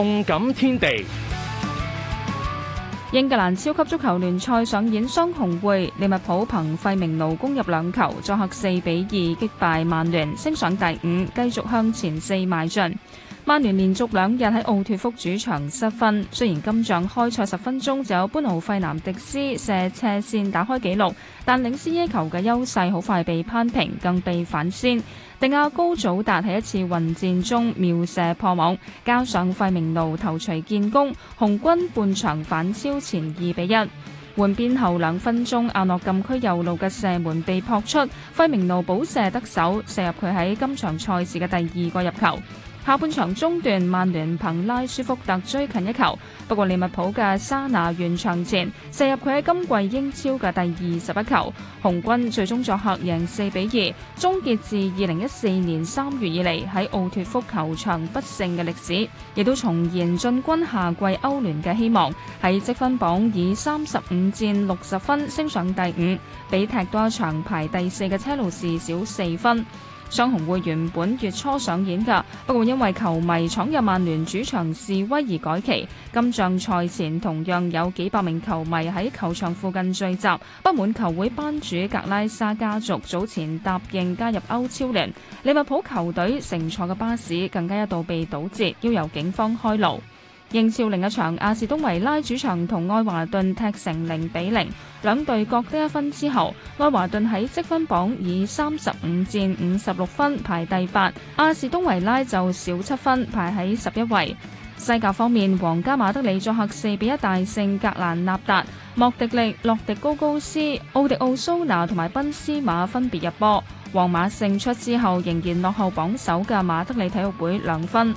動感天地，英格蘭超級足球聯賽，上演雙紅會，利物浦憑費明奴攻入兩球，作客四比二擊敗曼聯，升上第五，繼續向前四邁進。曼聯連續兩日喺奧脫福主場失分。雖然今仗開賽十分鐘就有班奧費南迪斯射斜線打開紀錄，但領先一球嘅優勢好快被扳平，更被反先。迪亞高祖達喺一次混戰中妙射破網，加上費明奴頭錘建功，紅軍半場反超前二比一。換邊後兩分鐘，阿諾禁區右路嘅射門被撲出，費明奴補射得手，射入佢喺今場賽事嘅第二個入球。下半場中段，曼聯憑拉舒福特追近一球，不過利物浦嘅沙拿完場前射入佢喺今季英超嘅第二十一球，紅軍最終作客贏四比二，終結自二零一四年三月以嚟，喺奧脫福球場不勝嘅歷史，亦都重燃進軍下季歐聯嘅希望，喺積分榜以三十五戰六十分升上第五，比踢多一場排第四嘅車路士少四分。雙紅會原本月初上演嘅，不過因為球迷闖入曼聯主場示威而改期。今仗賽前同樣有幾百名球迷喺球場附近聚集，不滿球會班主格拉沙家族早前答應加入歐超聯。利物浦球隊乘坐嘅巴士更加一度被堵截，要由警方開路。英超另一場，阿士東維拉主場同愛華頓踢成零比零，兩隊各得一分之後，愛華頓喺積分榜以三十五戰五十六分排第八，阿士東維拉就少七分排喺十一位。西甲方面，皇家馬德里作客四比一大勝格蘭納達，莫迪利、洛迪高高斯、奧迪奧蘇拿同埋賓斯馬分別入波，皇馬勝出之後仍然落後榜首嘅馬德里體育會兩分。